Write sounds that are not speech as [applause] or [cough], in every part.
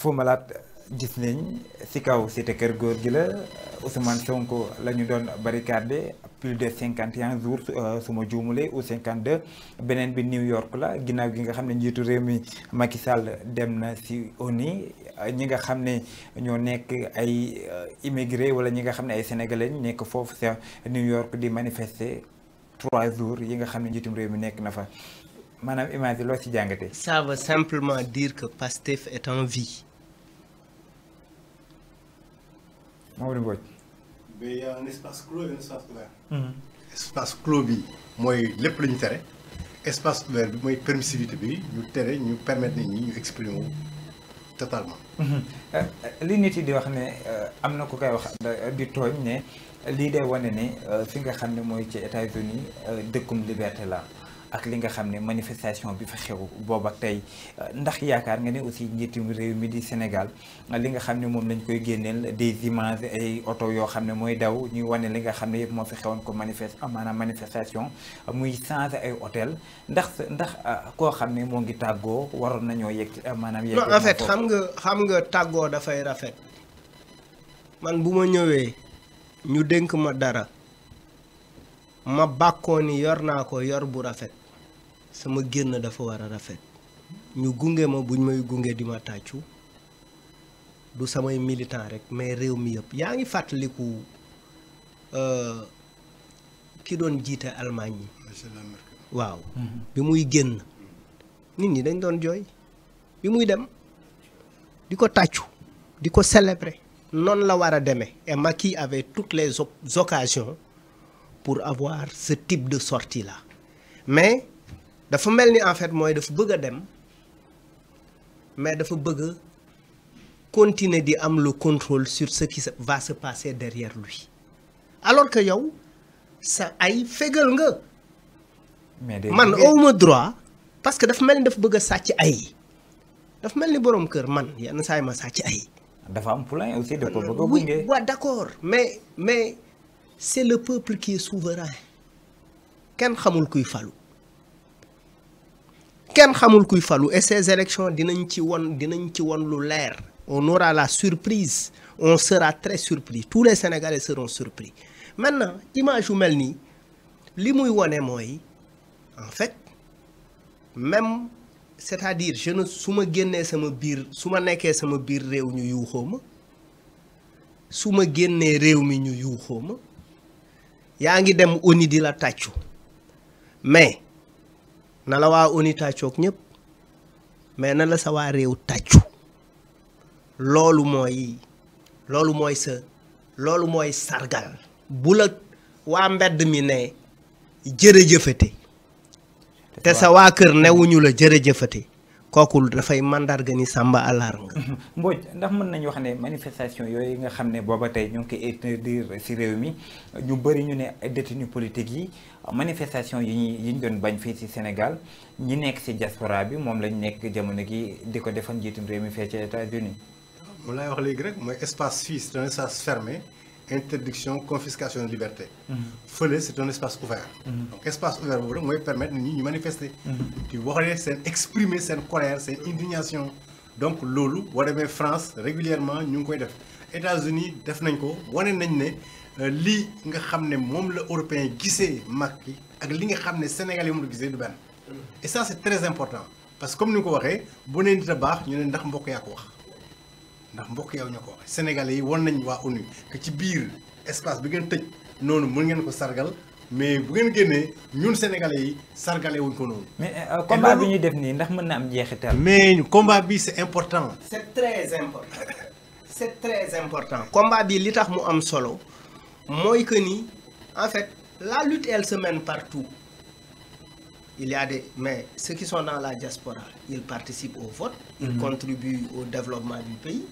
Fou malaat gis nañ si kaw cité kër góor gi la Ousmane Sonko la ñu doon barricade plus de cinquante et un jours su euh, ma juumule ou cinquante deux beneen bi New York la ginnaaw gi nga xam ne njiitu réew mi Macky Sall dem na si ONU ñi nga xam ne ñoo nekk ay euh, immigré wala ñi nga xam ne ay sénégalais nekk foofu se New York di manifester trois jours yi nga xam ne njiitum réew mi nekk na fa. quest image que ci jàngatee. ça veut simplement dire que Pastef est en vie. Mamadou Mbodj. Il y a un espace clos et un mm-hmm. espace ouvert. L'espace clos bi le lépp intérêt. L'espace espace ouvert bi la permissivité bi ñu tere ñu permettre de ñi ñu exprimer totalement. Ce mm-hmm. euh, que yi di wax ne euh, am na ku koy wax di tooñ ne lii day wane ne euh, fi nga ci États-Unis dëkkum liberté ak li nga xam ne manifestation bi fa xew boobu tey ndax yaakaar nga ne aussi njiitum réew mi di Sénégal li nga xam ne moom lañ koy génneel des images ay oto yoo xam ne mooy daw ñuy wane li nga xam ne yëpp moo fi xewoon ko manifeste maanaam manifestation muy changé ay hôtel ndax ndax ah, koo xam ne moo ngi tàggoo waroon nañoo yegg maanaam. yegg non fait xam nga xam nga tàggoo dafay rafet man bu ma ñëwee ñu dénk ma dara. ma bàkkoo ni yor naa ko yor bu rafet sama génn dafa war a rafet ñu gunge ma buñ may gunge di ma du samay militant rek mais réew mi yëpp yaa ngi fàttaliku euh, ki doon Allemagne waaw mm-hmm. bi muy nit ñi dañ doon bi muy dem célébrer la et avait toutes les occasions pour avoir ce type de sortie là mais dafa mel ni en fait mooy dafa bëgg dem mais dafa bëgg continuer di am le contrôle sur ce qui va se passer derrière lui alors que yow sa ay fégal nga. man awma droit parce que dafa melni ni dafa bëgg sacc ay dafa mel ni kër man yenn saa yi ma sacc ay. dafa am plein aussi de bëgg a gunge. waaw d'accord mais mais c'est le peuple qui est souverain ken xamul kuy falu ken xamul kuy falu et ces élections dinañ ci won dinañ ci won lu leer on aura la surprise on sera très surpris tous les sénégalais seront surpris maintenant image yu mel nii li muy woné moy en fait même c'est-à-dire je ne suma ma sama biir suma nekké sama biir rew ñu yu xoma suma ma rew mi ñu yu xoma yaangi dem oni di la tàccu mais na la waa ONU tàccoog ñëpp mais na la sa waa réew tàccu loolu mooy loolu mooy sa loolu mooy sargal bu la waa mbedd mi ne jërëjëfate te sa waa kër newuñu la jërëjëfate kooku dafay mandarga ni samba alarme nga. [laughs] Mbodj ndax mën nañu wax ne manifestation yooyu nga xamne boba tay ñu ngi koy interdire ci réew mi ñu bari ñu ne détenu politique yi manifestation yi ñuy ñu doon bañ fi ci Sénégal ñi nekk ci diaspora bi mom lañ nekk jamono gi diko ko defan njiitum réew mi fee ci États-Unis mu lay wax légui rek moy espace fii c'est espace fermé interdiction confiscation de liberté. Mm-hmm. fële c'est un espace ouvert. Mm-hmm. donc espace ouvert vous rek permettre de ñi manifester. Mm-hmm. di vois, c'est exprimer seen colère c'est indignation. donc l'OLU, vous demee France régulièrement nous ngi koy def États-Unis def nañ ko wane nañ ne euh, nga xam ne le européen gisee Macky ak li nga xam ne Sénégal yi du et ça c'est très important parce que comme nous ko waxé bu nee nit a baax ñu ne ndax mbokk ya ko wax ndax mbokk yow wax sénégalais yi wan nañ waa ONU que ci biir espace bi ngeen tëj noonu mën ngeen ko sargal mais bu ngeen génnee ñun sénégalais yi sargale wuñ ko noonu. mais euh, combat bi ñuy def nii ndax mën na am jeexital. mais combat bi c'est important. c'est très important c'est très important. combat bi li tax mu am solo mooy que ni en fait la lutte elle se mène partout. il y a des mais ceux qui sont dans la diaspora ils participent au vote. ils mm-hmm. contribuent au développement du pays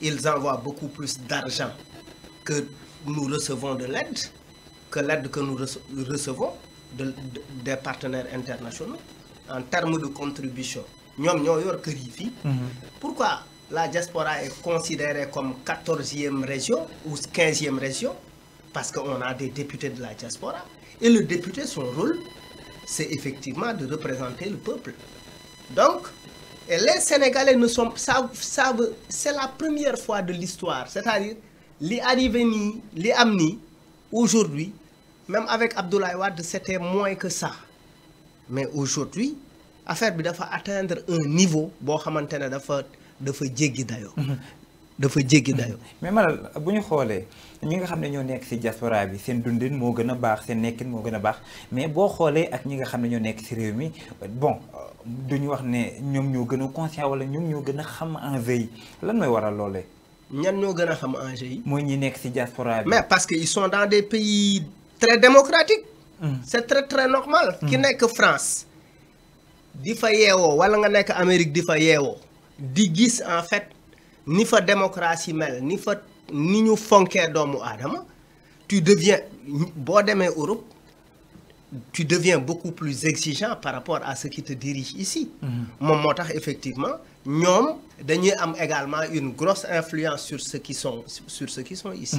ils envoient beaucoup plus d'argent que nous recevons de l'aide, que l'aide que nous recevons de, des partenaires internationaux en termes de contribution. Nous mhm. Pourquoi la diaspora est considérée comme 14e région ou 15e région Parce qu'on a des députés de la diaspora. Et le député, son rôle, c'est effectivement de représenter le peuple. Donc, les Sénégalais nous savent, c'est la première fois de l'histoire. C'est-à-dire, les arrivés, les amenés, aujourd'hui, même avec Abdoulaye wad c'était moins que ça. Mais aujourd'hui, l'affaire doit atteindre un niveau, bon, dafa dafa dafa jéggi dayo mais malal buñu xolé xoolee ñi nga xam ñoo nekk ci diaspora bi seen dundin mo gëna baax seen nekkin mo gëna baax mais bo xolé ak ñi nga xam ñoo nekk ci réew mi bon duñu wax né ñom ñoo gëna a conscient wala ñom ñoo gëna xam enjeu yi lan moy waral lolé ñan ñoo gëna xam enjeu yi. mooy ñi nekk ci diaspora bi. mais parce que ils sont dans des pays très démocratiques. Hmm. c'est très très normal. Hmm. ki nekk France. di fa yéwo wala nga nekk Amérique di fa yéwo di gis en fait ni fa démocratie mel ni fa ni ñu fonké doomu adam tu deviens Europe tu deviens beaucoup plus exigeant par rapport à ce qui te dirige ici mon mm-hmm. motax effectivement ñom dañuy également une grosse influence sur ceux qui sont sur ceux qui sont ici.